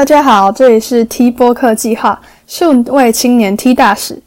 大家好，這裡是 T 播客計劃數位青年 T 大使。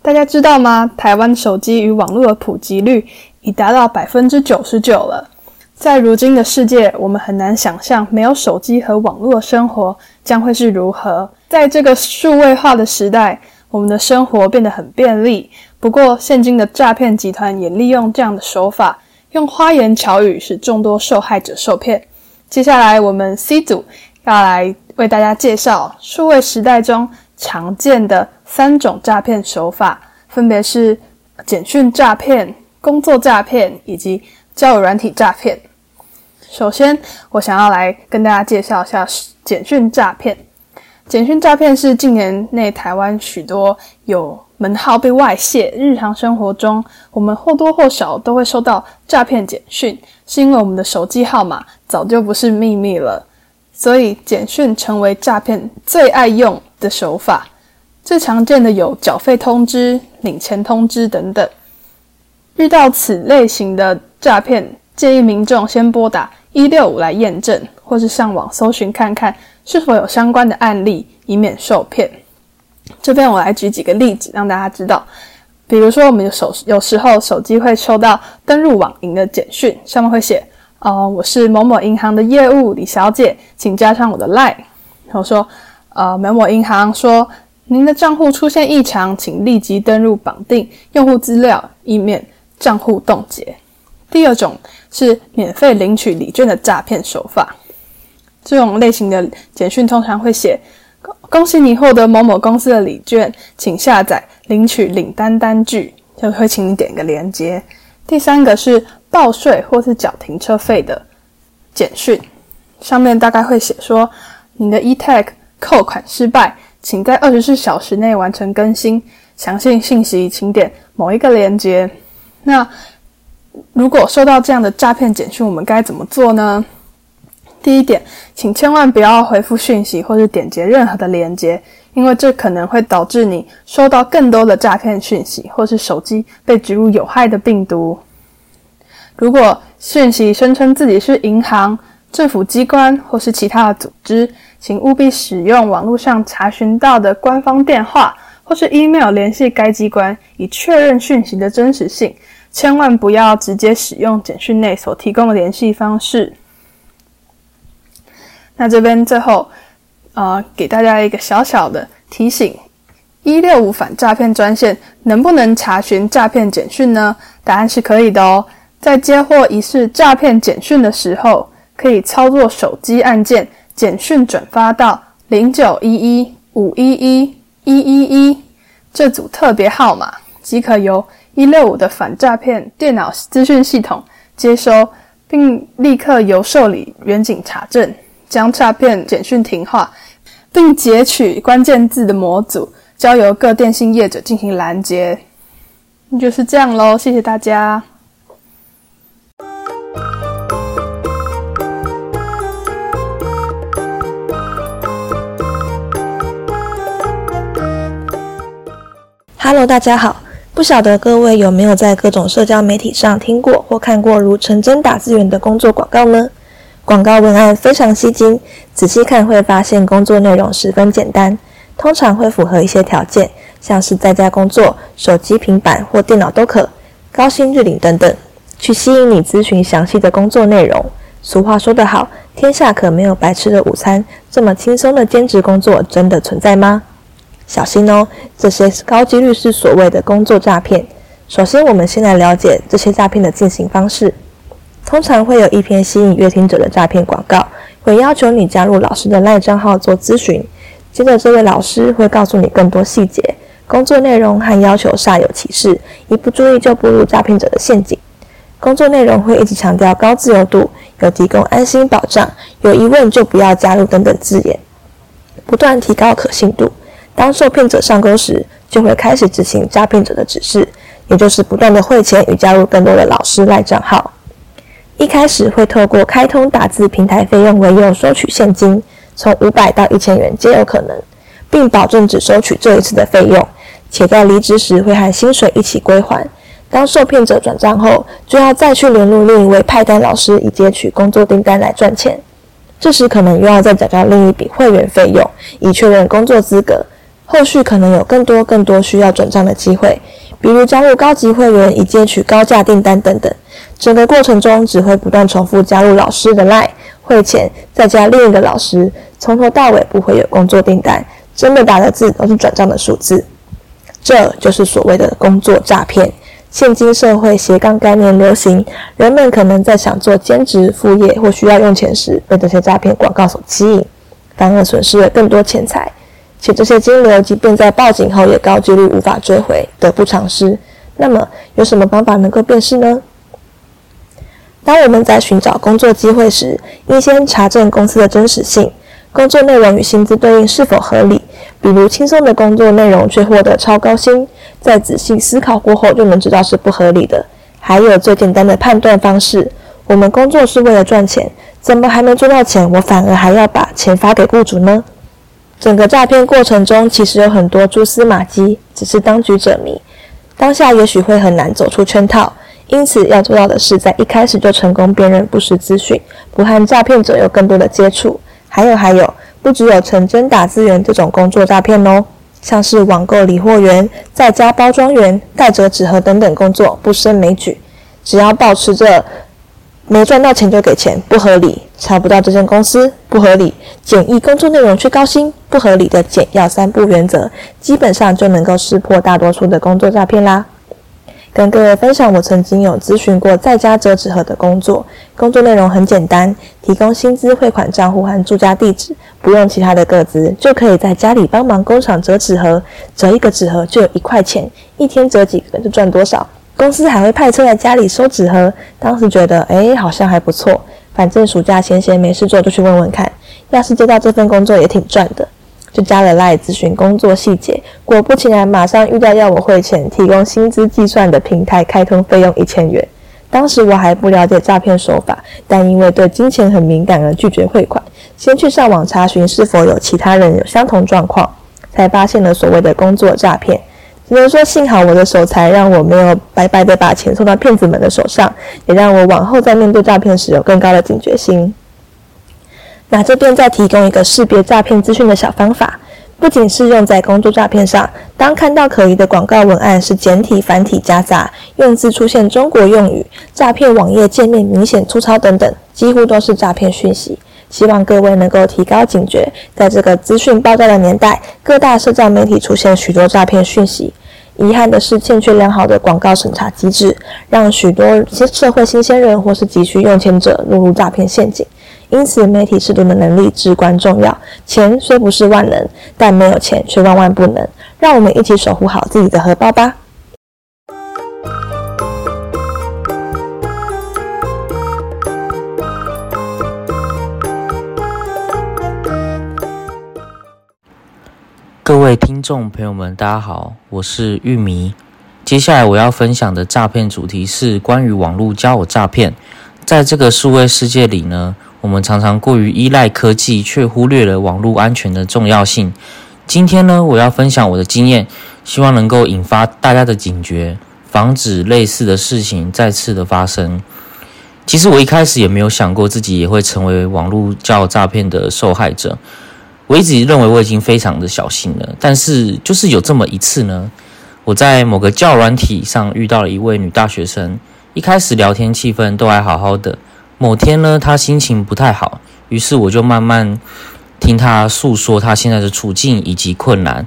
大家知道嗎？台灣手機與網絡的普及率已達到百分之九十九了。在如今的世界，我們很難想象沒有手機和網絡的生活將會是如何。在這個數位化的時代，我們的生活變得很便利。不過，現今的詐騙集團也利用這樣的手法，用花言巧語使眾多受害者受騙。接下來，我們 C 組要來，為大家介紹數位時代中常見的三種詐騙手法，分別是簡訊詐騙、工作詐騙以及交友軟體詐騙。首先，我想要來跟大家介紹一下簡訊詐騙。簡訊詐騙是近年內台灣許多有門號被外泄，日常生活中我們或多或少都會收到詐騙簡訊，是因為我們的手機號碼早就不是秘密了。所以，簡訊成為詐騙最愛用的手法，最常見的有繳費通知、領錢通知等等。遇到此類型的詐騙，建議民眾先撥打165來驗證，或是上網搜尋看看是否有相關的案例，以免受騙。這邊我來舉幾個例子，讓大家知道。比如說，我們手有時候手機會收到登入網銀的簡訊，上面會寫。哦，uh, 我是某某銀行的業務李小姐，請加上我的 line。然後說，呃、uh,，某某銀行說您的賬戶出現異常，請立即登入綁定用戶資料，以免賬戶凍結。第二種是免費領取禮券的詐騙手法，這種類型的簡訊通常會寫：恭喜你獲得某某公司的禮券，請下載領取領單單據，就會請你點個連結。第三個是，報稅或是繳停車費的簡訊，上面大概會寫說你的 eTag 扣款失敗，請在二十四小時內完成更新。詳細信息請點某一個鏈接。那如果收到這樣的詐騙簡訊，我們該怎麼做呢？第一點，請千萬不要回復訊息或是點擊任何的鏈接，因為這可能會導致你收到更多的詐騙訊息，或是手機被植入有害的病毒。如果訊息聲稱自己是銀行、政府機關或是其他的組織，請務必使用網絡上查詢到的官方電話或是 email 聯繫該機關，以確認訊息的真實性。千萬不要直接使用簡訊內所提供的聯繫方式。那這邊最後，呃，給大家一個小小的提醒：一六五反詐騙專線能不能查詢詐騙簡訊呢？答案是可以的哦。在接獲疑似詐騙簡訊的時候，可以操作手機按鍵，簡訊轉發到零九一一五一一一一一這組特別號碼，即可由一六五的反詐騙電腦資訊系統接收，並立刻由受理員警查證，將詐騙簡訊停話，並截取關鍵字的模組，交由各電信業者進行攔截。就是這樣嘍，謝謝大家。哈嘍，Hello，大家好。不曉得各位有沒有在各種社交媒體上聽過或看過如“誠徵打字員”的工作廣告呢？廣告文案非常吸睛，仔細看會發現工作內容十分簡單，通常會符合一些條件，像是在家工作，手機、平板或電腦都可，高薪日領等等，去吸引你諮詢詳細的工作內容。俗話說得好，天下可沒有白吃的午餐，這麼輕鬆的兼職工作真的存在嗎？小心哦，這些高幾率是所謂的工作詐騙。首先，我們先來了解這些詐騙的進行方式。通常會有一篇吸引閱聽者的詐騙廣告，會要求你加入老師的 LINE 賬號做諮詢。接着，這位老師會告訴你更多細節，工作內容和要求煞有其事，一不注意就步入詐騙者的陷阱。工作內容會一直強調高自由度，有提供安心保障，有疑問就不要加入等等字眼，不斷提高可信度。當受騙者上鈎時，就會開始執行詐騙者的指示，也就是不斷地匯錢與加入更多的老師賴賬號。一開始會透過開通打字平台費用為由收取現金，從五百到一千元皆有可能，並保證只收取這一次的費用，且在離職時會和薪水一起歸還。當受騙者轉賬後，就要再去聯絡另一位派單老師以接取工作訂單來賺錢，這時可能又要再繳交另一筆會員費用以確認工作資格。後續可能有更多更多需要轉賬的機會，比如加入高級會員以接取高價訂單等等。整個過程中只會不斷重複加入老師的 LINE 匯錢，再加另一個老師，從頭到尾不會有工作訂單，真的打的字都是轉賬的數字。這就是所謂的工作詐騙。現今社會斜槓概念流行，人們可能在想做兼職副業或需要用錢時，被這些詐騙廣告所吸引，反而損失了更多錢財。且這些金流即便在報警後，也高幾率無法追回，得不償失。那麼，有什麼方法能夠辨識呢？當我們在尋找工作機會時，應先查證公司的真實性，工作內容與薪資對應是否合理。比如，輕鬆的工作內容卻獲得超高薪，在仔細思考過後，就能知道是不合理的。還有最簡單的判斷方式：我們工作是為了賺錢，怎麼還沒賺到錢，我反而還要把錢發給僱主呢？整個詐騙過程中，其實有很多蛛絲馬跡，只是當局者迷。當下也許會很難走出圈套，因此要做到的是在一開始就成功辨認不實資訊，不和詐騙者有更多的接觸。還有還有，不只有誠徵打字員這種工作詐騙哦，像是網購理貨員、在家包裝員、代折紙盒等等工作，不勝枚舉。只要保持着。沒賺到錢就給錢，不合理；查不到這家公司，不合理；簡易工作內容卻高薪，不合理的簡要三不原則，基本上就能夠識破大多數的工作詐騙啦。跟各位分享，我曾經有諮詢過在家折紙盒的工作，工作內容很簡單，提供薪資、匯款賬戶和住家地址，不用其他的個資，就可以在家裡幫忙工廠折紙盒，折一個紙盒就有一塊錢，一天折幾個就賺多少。公司還會派車來家裡收紙盒，當時覺得誒好像還不錯，反正暑假閒閒沒事做就去問問看，要是接到這份工作也挺賺的，就加了賴諮詢工作細節，果不其然馬上遇到要我匯錢、提供薪資計算的平台開通費用一千元，當時我還不了解詐騙手法，但因為對金錢很敏感而拒絕匯款，先去上網查詢是否有其他人有相同狀況，才發現了所謂的工作詐騙。比如說：“幸好我的守財，讓我沒有白白的把錢送到騙子們的手上，也讓我往後在面對詐騙時有更高的警覺心。”那這邊再提供一個識別詐騙資訊的小方法，不僅適用在工作詐騙上。當看到可疑的廣告文案是簡體、繁體夾雜，用字出現中國用語，詐騙網頁界面明顯粗糙等等，幾乎都是詐騙訊息。希望各位能夠提高警覺，在這個資訊爆炸的年代，各大社交媒體出現許多詐騙訊息。遺憾的是，欠缺良好的廣告審查機制，讓許多些社會新鮮人或是急需用錢者落入詐騙陷阱。因此，媒體識讀的能力至關重要。錢雖不是萬能，但沒有錢卻萬萬不能。讓我們一起守護好自己的荷包吧。各位聽眾朋友們，大家好，我是玉米。接下來我要分享的詐騙主題是關於網絡交友詐騙。在這個數位世界裡呢，我們常常過於依賴科技，卻忽略了網絡安全的重要性。今天呢，我要分享我的經驗，希望能夠引發大家的警覺，防止類似的事情再次的發生。其實我一開始也沒有想過自己也會成為網絡交友詐騙的受害者。我一直認為我已經非常的小心了，但是就是有這麼一次呢，我在某個交友軟體上遇到了一位女大學生，一開始聊天氣氛都還好好的。某天呢，她心情不太好，於是我就慢慢聽她訴說她現在的處境以及困難。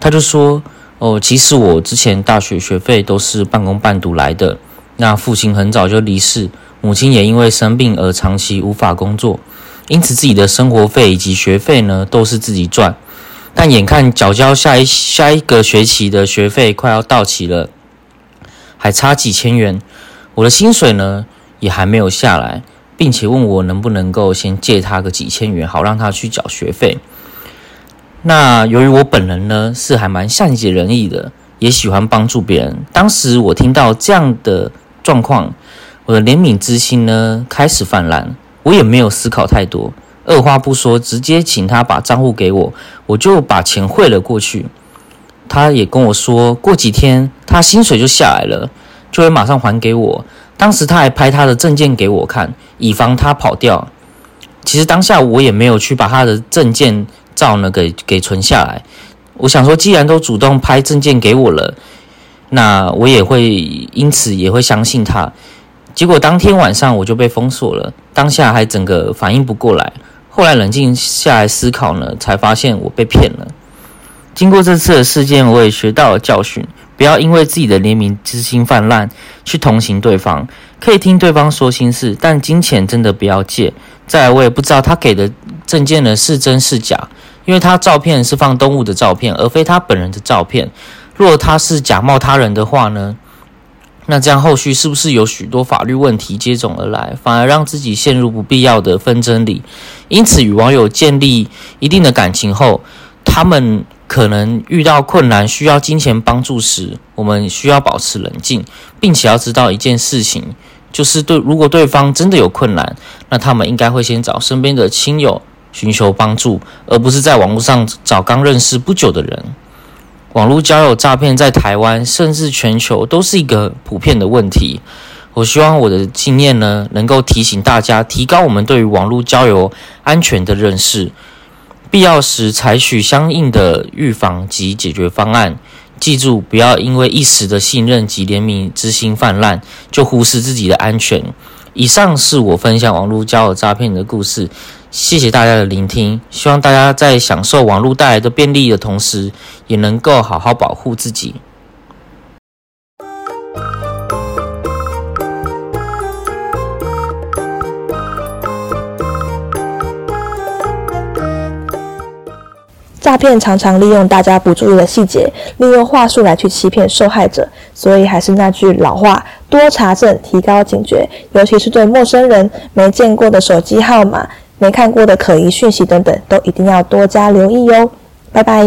她就說：“哦，其實我之前大學學費都是半工半讀來的，那父親很早就離世，母親也因為生病而長期無法工作。”因此，自己的生活費以及學費呢，都是自己賺。但眼看繳交下一，下一個學期的學費快要到期了，還差幾千元，我的薪水呢，也還沒有下來，並且問我能不能夠先借他個幾千元，好讓他去繳學費。那由於我本人呢，是還蠻善解人意的，也喜歡幫助別人。當時我聽到這樣的狀況，我的憐憫之心呢，開始泛濫。我也沒有思考太多，二話不說，直接請他把賬戶給我，我就把錢匯了過去。他也跟我說，過幾天他薪水就下來了，就會馬上還給我。當時他還拍他的證件給我看，以防他跑掉。其實當下我也沒有去把他的證件照呢給給存下來。我想說，既然都主動拍證件給我了，那我也會因此也會相信他。結果當天晚上我就被封鎖了，當下還整個反應不過來。後來冷靜下來思考呢，才發現我被騙了。經過這次的事件，我也學到了教訓：不要因為自己的憐憫之心泛濫去同情對方，可以聽對方說心事，但金錢真的不要借。再來，我也不知道他給的證件呢是真是假，因為他照片是放動物的照片，而非他本人的照片。若他是假冒他人的話呢？那這樣後續是不是有許多法律問題接踵而來，反而讓自己陷入不必要的紛爭裡？因此，與網友建立一定的感情後，他們可能遇到困難需要金錢幫助時，我們需要保持冷靜，並且要知道一件事情，就是對，如果對方真的有困難，那他們應該會先找身邊的親友尋求幫助，而不是在網絡上找剛認識不久的人。網絡交友詐騙在台灣甚至全球都是一個普遍的問題。我希望我的經驗呢，能夠提醒大家提高我們對於網絡交友安全的認識，必要時採取相應的預防及解決方案。記住，不要因為一時的信任及憐憫之心氾濫，就忽視自己的安全。以上是我分享網絡交友詐騙的故事。謝謝大家的聆聽。希望大家在享受網絡帶來的便利的同時，也能夠好好保護自己。詐騙常常利用大家不注意的細節，利用話術來去欺騙受害者。所以還是那句老話：多查證，提高警覺，尤其是對陌生人、沒見過的手機號碼。沒看過的可疑訊息等等，都一定要多加留意喲！拜拜。